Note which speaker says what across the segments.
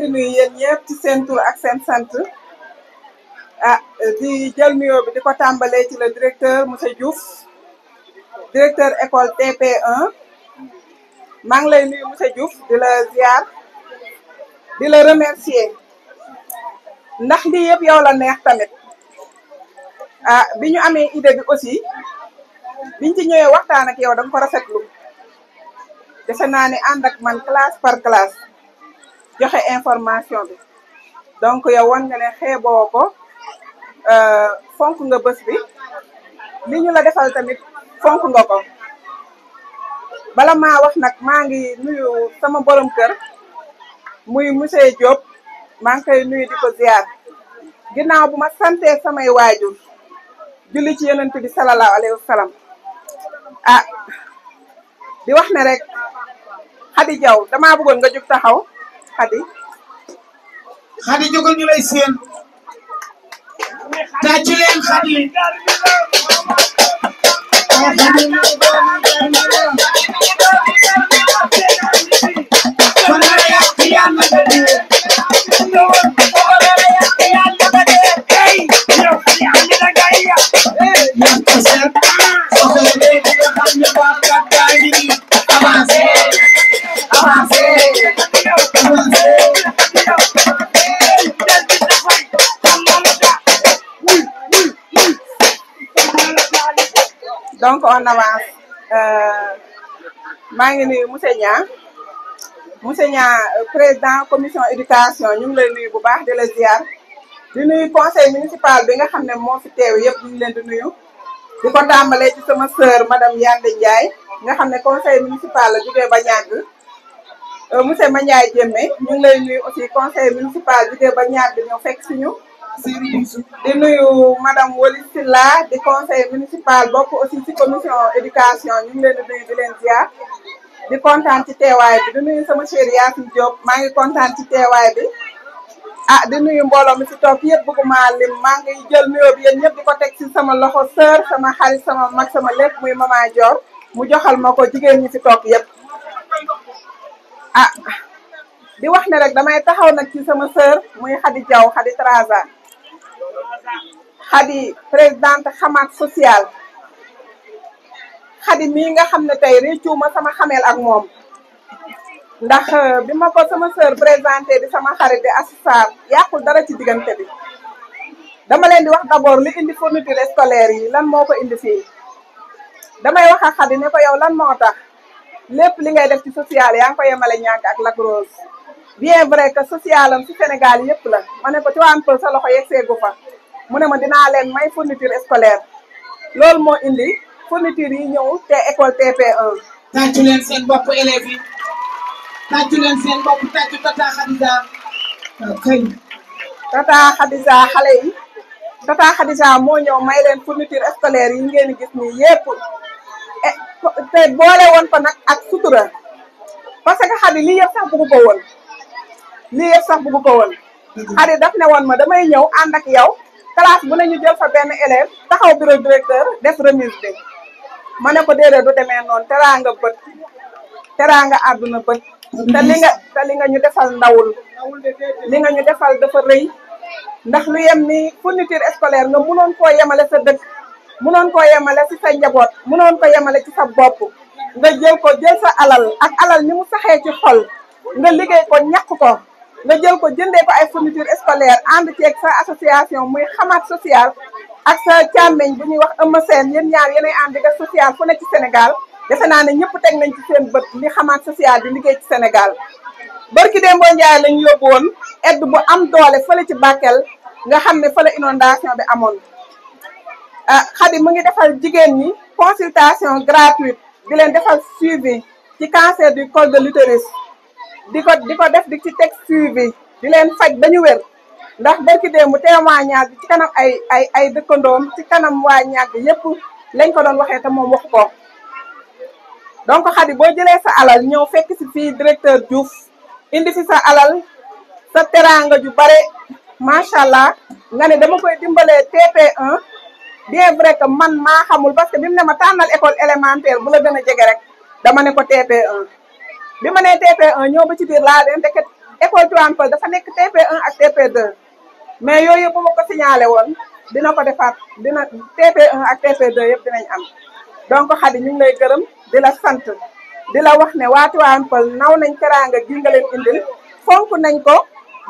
Speaker 1: di nuyu yéen ñëpp ci seen tour ak seen sant ah di jël nuyoo bi di ko tàmbalee ci le directeur monsieur Diouf directeur école TP1 maa ngi lay nuyu monsieur Diouf di la ziar di la remercier ndax lii yëpp yow la neex tamit ah bi ñu amee idée bi aussi biñ ci ñëwee waxtaan ak yow da nga ko rafetlu defe naa ne ànd ak man classe par classe. joxe information bi donc yow wan nga ne xeeboo ko euh, fonk nga bës bi li ñu la defal tamit fonk nga ko bala ma wax nag maa ngi nuyu sama borom kër muy monsieur Diop maa ngi nuyu di ko ziar ginnaaw bu ma sante samay waajur julli ci yonent bi salallaahu alayhi wa salaam ah di wax ne rek Khady Diaw damaa buggoon nga jóg taxaw xadi xadi jógal ñu lay seen
Speaker 2: tàcc leen xadi
Speaker 1: donc on avance euh, maa ngi nuyu monsieur Niang monsieur Niang euh, président commission éducation ñu ngi lay nuyu bu baax di la ziar di nuyu conseil municipal bi nga xam ne moo fi teew yëpp ñu ngi leen di nuyu. di ko tàmbalee ci sama sœur madame Yande Ndiaye nga xam ne conseil municipal la jugee ba ñàgg euh, monsieur Mandiaye Diémé ñu ngi lay nuyu aussi conseil municipal jugee ba ñàgg ñoo fekk si ñu. di nuyu madame Waly Sylla di conseil municipal bokk aussi ci commission éducation ñu leen di nuyu di leen ziar di kontaan ci teewaay bi di nuyu sama chéri Yacine Diop maa ngi kontaan ci teewaay bi ah di nuyu mbooloo mi ci topp yëpp bëgguma lim maa ngi jël nuyoo bi yéen ñëpp di ko teg ci sama loxo sœur sama xarit sama mag sama lépp muy maman mu joxal ma ko jigéen ñi ci topp yëpp ah di wax ne rek damay taxaw nag ci sama sœur muy Khady Diaw Khady Traza xadi présidente xamaat sociale xadi mii nga xam ne tey ma sama xameel ak moom ndax euh, bi ma ko sama sœur présenté di sama xarit di assisar yàqul dara ci diggante bi dama leen di wax d'abord li indi fourniture scolaire yi lan moo ko indi fi damay wax ak xadi ne ko yow lan moo tax lépp li ngay def ci social yaa ngi ko yemale ñàkk ak Lac Rose bien vrai que social am ci Sénégal yëpp la ma ne ko ci waan pël sa loxo yegg seegu fa mu ne ma dinaa leen may fourniture scolaire loolu mo indi fourniture yi ñëw te école TP1. Euh, Tata Khadija xale yi Tata Khadija moo ñëw may leen fourniture scolaire yi ngeen gis nii yépp e, te boole woon ko nag ak sutura parce que xadi lii yëpp sax bëggu ko woon lii mm-hmm. daf ne woon ma damay ñëw ànd ak yow. classe muna ne ñu jël fa ben élève taxaw bureau directeur def remise bi mané ko dédé du demee noonu teraanga bët teraanga aduna bëtt té li nga té li nga ñu défal ndawul li nga ñu défal dafa reuy ndax lu yem ni fourniture scolaire nga munoon ko yemale sa dëkk munoon ko yemale ci sa njaboot munoon ko yemale ci sa bop nga jël ko jël sa alal ak alal ni mu saxé ci xol nga liggéey ko ko nga jël ko jënde ko ay fourniture scolaire ànd ceeg sa association muy xamaat social ak sa càmmeñ bu ñuy wax ëmm seen yéen ñaar yéenay ànd di def social fu ne ci Sénégal defe naa ne ñëpp teg nañ ci seen bët li xamaat social di liggéey ci Sénégal. barki Demba Ndiaye lañ yóbbu woon aide bu am doole fële ci Bakel nga xam ne fële inondation bi amoon ah Xadi mu ngi defal jigéen ñi consultation gratuite di leen defal suivi ci cancer du col de l'utérus diko diko def di ci tek suivi di len fajj ba ñu ndax barki de mu témoignage bi ci kanam ay ay ay dëkkandoom ci kanam waa ñàgg yépp lañ ko doon waxé té mom wax ko donc xadi bo jëlé sa alal ñew fekk ci fi directeur djouf indi ci sa alal sa teranga ju bare machallah nga né dama koy dimbalé TP1 bien vrai que man ma xamul parce que bimu né ma tanal école élémentaire bu la gëna jégé rek dama né ko TP1 bi ma nee TP1 ñëw ba ci biir laa leen deket école Tivaouane Peulh dafa nekk TP1 ak TP2 mais yooyu yëpp bu ma ko signalé woon dina ko defaat dina TP1 ak TP2 yëpp dinañ am donc Khady ñu ngi lay gërëm di sant di la wax ne waa Tivaouane Peulh naw nañ teraanga gi nga leen indil fonk nañ ko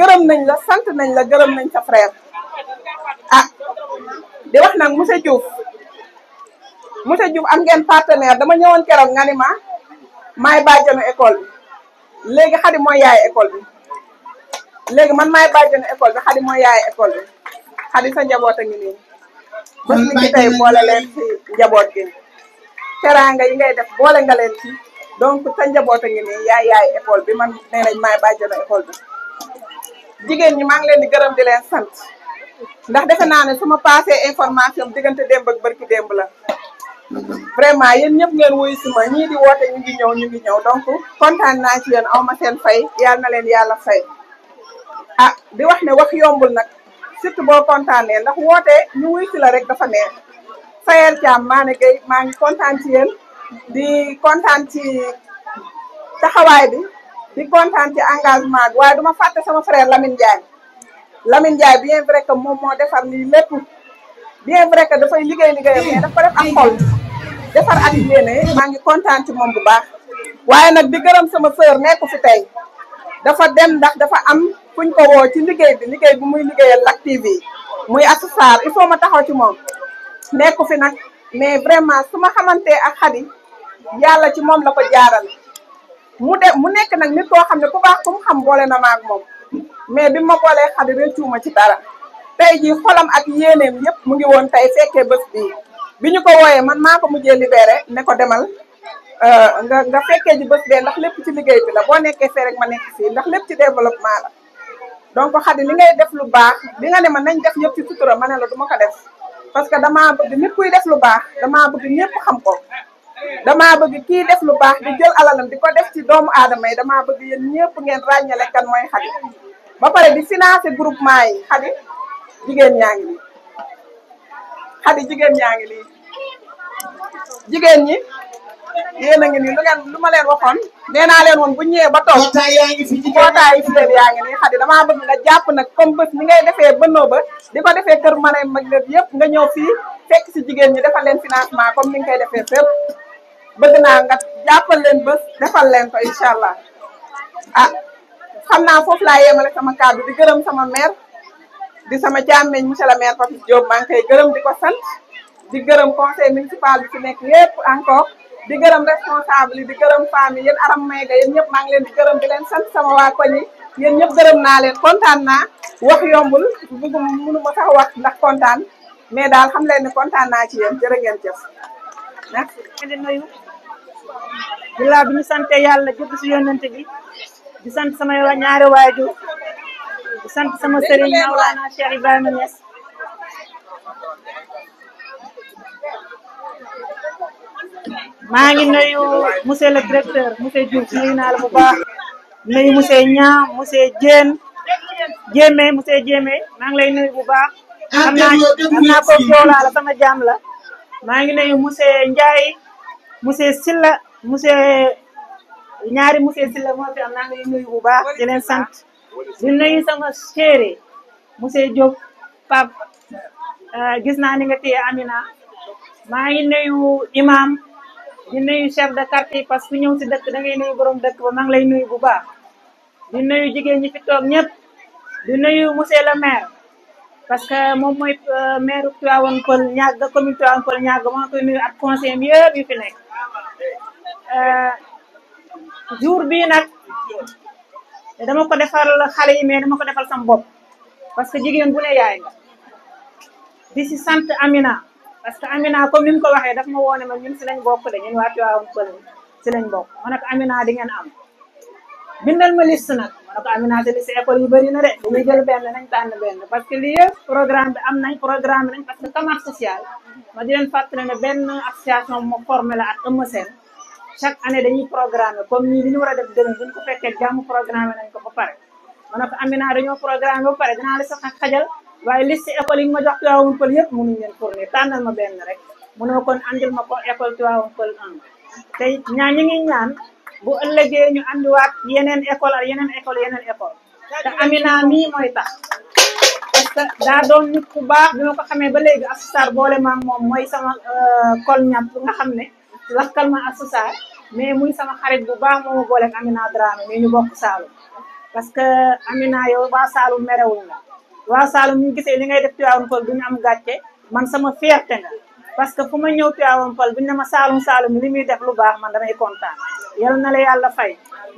Speaker 1: gërëm nañ la sant nañ la gërëm nañ sa frère ah di wax nag monsieur Diouf am ngeen partenaire dama ñëwoon keroog nga ni ma maay bàjjanu école bi léegi xadi mooy yaay école bi léegi man maay bàjjanu école bi xadi mooy yaay école bi sa njaboot a ngi nii bés ni ci tey boole leen ci njaboot gi teraanga yi ngay def boole nga leen ci donc sa njaboot a ngi nii yaay yaay école bi man nee nañ maay bàjjanu école bi jigéen ñi maa ngi leen di gërëm di leen sant ndax defe naa ne su ma passé information diggante démb ak barki démb la vraiment yéen ñëpp ngeen wuyu si ma ñii di woote ñu ngi ñëw ñu ngi ñëw donc kontaan naa ci yéen aw ma seen fay yal na leen yàlla fay ah di wax ne wax yombul nag surtout boo kontaanee ndax woote ñu wuyu si la rek dafa neex Sayer Thiam maa ne gay maa ngi kontaan ci yéen di kontaan ci taxawaay bi di kontaan ci engagement bi waaye duma fàtte sama frère Lamine Ndiaye Lamine Ndiaye bien vrai que moom moo defar nii lépp bien vrai que dafay liggéey liggéeyam defar ak yéene maa ngi kontaan ci moom bu baax waaye nag di gërëm sama sœur nekku fi tey dafa dem ndax dafa am fuñ ko woo ci liggéey bi liggéey bi muy liggéeyal Lac TV muy Astou Sarr il faut ma taxaw ci moom nekku fi nag mais vraiment su ma xamantee ak Xadi yàlla ci moom la ko jaaral mu de mu nekk nag nit koo xam ne ku baax ku mu xam boole na maag moom mais bi ma boolee Xadi réccuuma ci dara tey ji xolam ak yéeneem yëpp mu ngi woon tey fekkee bés bii bi ñu ko wooyee man maa ko mujjee libéré ne ko demal euh, nga nga fekkee ji bés bee ndax lépp ci liggéey bi la boo nekkee fee rek ma nekk fii ndax lépp ci développement la donc xadi li ngay def lu baax di nga ne ma nañ def yëpp ci sutura ma ne la duma ko def parce que damaa bëgg nit kuy def lu baax damaa bëgg ñëpp xam ko damaa bëgg kii def lu baax di jël alalam di ko def ci doomu aadama yi damaa bëgg yéen ñëpp ngeen ràññale kan mooy xadi ba pare di financer groupement yi xadi jigéen ñaa ngi xadi jigen ñangi ngi jigen ñi yeena a ngi nii lu ngeen luma leen waxon neena leen won bu ñewé ba yaangi fi toog mbootaay fi leen yaangi ni xadi dama bëgg nga japp nak comme bëss ni ngay défé bëno ba diko défé kër mané mag Maguette yépp nga ñow fi fekk ci jigen ñi defal leen financement comme ni ngay défé defee bëgg na nga jappal leen bëss defal leen ko inshallah ah xamna fofu la yémalé sama cadeau di gëreum sama mère di sama càmmeñ monsieur le maire Papis Diop gërëm di ko sant di gërëm conseil municipal bi fi nekk yëpp encore di gërëm responsable yi di gërëm femme yi yéen aram may ga yéen ñëpp maa leen di gërëm di leen sant sama waa koñ yi yéen gërëm naa leen kontaan naa wax yombul bëgguma mënuma sax wax ndax kontaan mais daal xam leen ne kontaan naa ci yéen jërë ngeen jëf merci.
Speaker 2: di nuyu ginnaaw bi ñu sante yàlla jëpp si yónnante bi di sant sama ñaari waajur sant sama sëriñ Mawlana Cheikh Ibrahima Niass maa ngi nuyu monsieur le directeur monsieur Diouf nuyu naa la bu baax nuyu monsieur Niang monsieur Diène Jéeme monsieur Jéeme maa ngi lay nuyu bu baax xam naa ah, xam naa ko joolaa la sama jaam la maa ngi nuyu monsieur Ndiaye monsieur Silla monsieur ñaari monsieur Silla moo fi am lay nuyu bu baax di sant di nuyu sama chéri monsieur Diop pap ah, gis na ni nga téye Amina ma ngi nuyu imam di nuyu chef de quartier parce que ñew ci dëkk da ngay nuyu borom dëkk ba ma ngi lay nuyu bu baax di nuyu jigeen ñi fi tok ñep di nuyu monsieur le maire parce que mom moy maire pol Peul da commune Tivaouane Peul ñàgg maa ngi koy nuyu ak conseil yëpp yu fi nek euh ah, jour bi nak te dama ko defal xale yi mais dama ko defal sam bopp parce que jigéen bu ne yaay nga di si sant Amina parce que Amina comme ni mu ko waxee daf ma woo ne ma ñun si lañ bokk de ñun waa Tivaouane Pël si lañ bokk ma ne Amina di ngeen am bindal ma liste nag ma ne ko Amina si liste école yu bëri na de bu muy jël benn nañ tànn benn parce que lii yëpp programme bi am nañ programme bi nañ parce que commerce social ma di leen fàttali ne benn association mo formé la ak ëmma seen chaque année dañuy programme comme ni li ñu war def dëgg buñ ko fekkee jàmm programme nañ ko ba pare ma ne ko amina dañoo programme ba pare dinaa la sax xajal waaye liste école yi ma jox tuwaawum pël yëpp mënuñ leen fournir tànnal ma benn rek mënoo kon andil ma ko école tuwaawum pël 1 te ñaan ñi ngi ñaan bu ëllëgee ñu andiwaat yeneen école ak yeneen école yeneen école te amina mii mooy tax parce que daa doon nit ku baax bi ma ko xamee ba léegi ak star boole maam moom mooy sama kol euh, ñàpp nga xam ne lakkal ma ak Sassar mais muy sama xarit bu baax moo ma booleeg Amina Dramé mais ñu bokk Saalum parce que Amina yow waa Saalum merewul la waa Saalum ñu gisee li ngay def Tivaouane Peulh duñu am gàcce man sama fierté nga parce que fu ma ñëw Tivaouane Peulh buñu ne ma Saalum Saalum li muy def lu baax man damay kontaan yal na la yàlla fay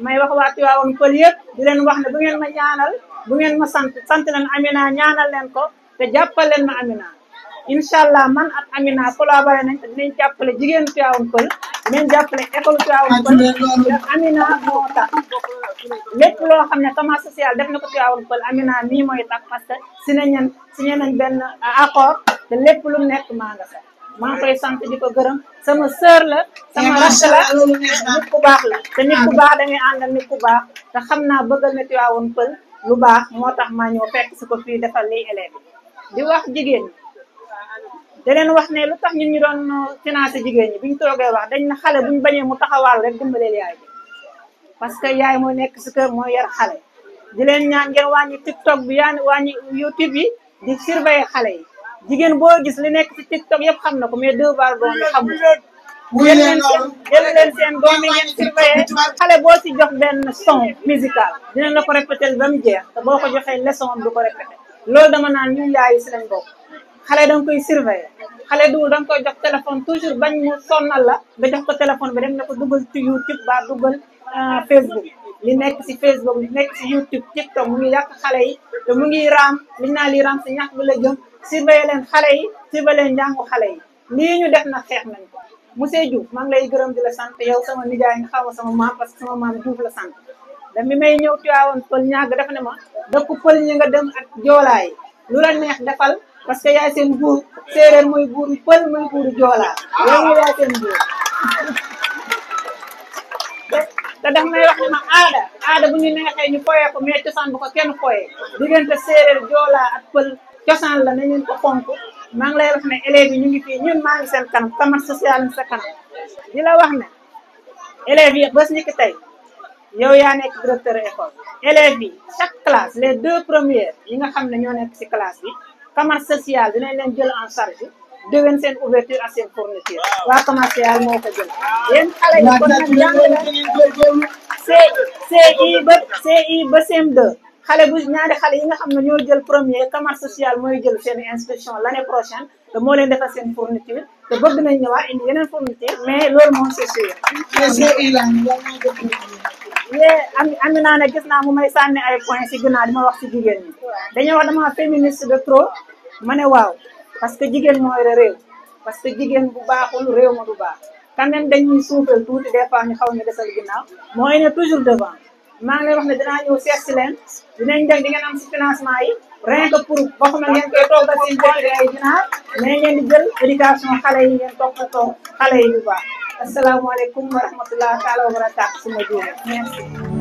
Speaker 2: may wax waa Tivaouane Peulh yëpp di leen wax ne bu ngeen ma ñaanal bu ngeen ma sant sant leen Amina ñaanal leen ko te jàppal leen Amina inshallah man at amina ko la baye nañ te dinañ jàppale jigéen Tivaouane Peulh dinañ jàppale école ci Peulh ko amina mo tax lepp lo xam tama social def nako ci Tivaouane ko amina mii moy tax parce que signé nañ signé nañ ben accord te lepp lu nekk ma nga sa ma koy sant di ko gërëm sama sœur la sama rakk la nit ku baax la te nit ku baax da ngay andal nit ku baax te xamna bëggal na ci Tivaouane ko lu baax motax ma ñoo fekk si ko fii defal lii élève di wax jigen da leen wax ne lu tax ñu ñu doon euh, financé jigéen ñi bi ñu toogee wax dañ na xale buñ bañee mu taxawaal rek dimbaleel yaay bi parce que yaay mooy nekk si kër mooy yar xale di leen ñaan ngeen wàññi tiktok bi yaa wàññi youtube yi di surveiller xale yi jigéen boo gis li nekk si tiktok yëpp xam na ko mais deux bar doom yi xamul jël leen seen jël leen xale boo si jox benn son musical dinañ la ko répété ba mu jeex te boo ko joxee leçon du ko répété loolu dama naan ñun yaay si lañ bokk xalé dang koy surveiller xalé du dang koy jox téléphone toujours bañ mu sonal la ba jox ko téléphone bi dem na ko dugal ci youtube ba duggal euh, facebook li nek ci facebook li nek ci youtube tiktok mu ngi yak xalé yi te mu ngi ram li na li ram ci ñak bu la jëm surveiller len xalé yi surveiller len jangu xalé yi li ñu def na xex nañ ko monsieur Diouf ma ngi lay gërëm di la sante yow sama nijaay nga xaw sama mam parce que sama mam Diouf la sante dami may ñew tiawon pol ñag dafa ne ma dëkku pol ñi nga dem ak jolaay lu la neex defal parce que yaay seen buur séeréer mooy buuru pël mooy buuru joolaa yow nga yaay seen buur te daf may wax ne ma aada aada bu ñu neexee ñu foyee ko mais cosaan bu ko kenn foyee diggante séeréer joolaa ak pël cosaan la nañu ko fonk maa ngi lay wax ne élèves yi ñu ngi fii ñun maa ngi seen kanam tamat social sa kanam di la wax ne élèves yi bés ñi tey yow yaa nekk directeur école élèves yi chaque classe les deux premières yi nga xam ne ñoo nekk si classe bi commerce social dinañ leen jël en sargi déwén seen ouverture ak seen fourniture waa commerce social moo ko jël yéen xale yi kon nag jàng na CI ba CI ba CM2 xale bu ñaari xale yi nga xam na ñoo jël premier commerce sociale mooy jël seen inspection l'année prochaine te moo leen defal seen fourniture te bëgg nañ ñëwaat indi yeneen fourniture mais loolu moom c'est sûr yee am Amina ne gis naa mu may sànni ay points si ginnaaw di ma wax si jigéen ñi dañoo wax dama féministe de trop ma ne waaw parce que jigéen mooy réew parce que jigéen bu baaxul réew ma du baax quand même dañuy suufal tuuti des fois ñu xaw ñu desal ginnaaw mooy ne toujours devant maa ngi lay wax ne dinaa ñëw seet si leen dinañ dem di ngeen si financement yi rien que pour waxuma ngeen koy toog a seen ay ginaar mais ngeen di jël éducation xale yi ngeen toppatoo xale asalaamaaleykum wa rahmatulah taala wa barakaatu suma jiw merci.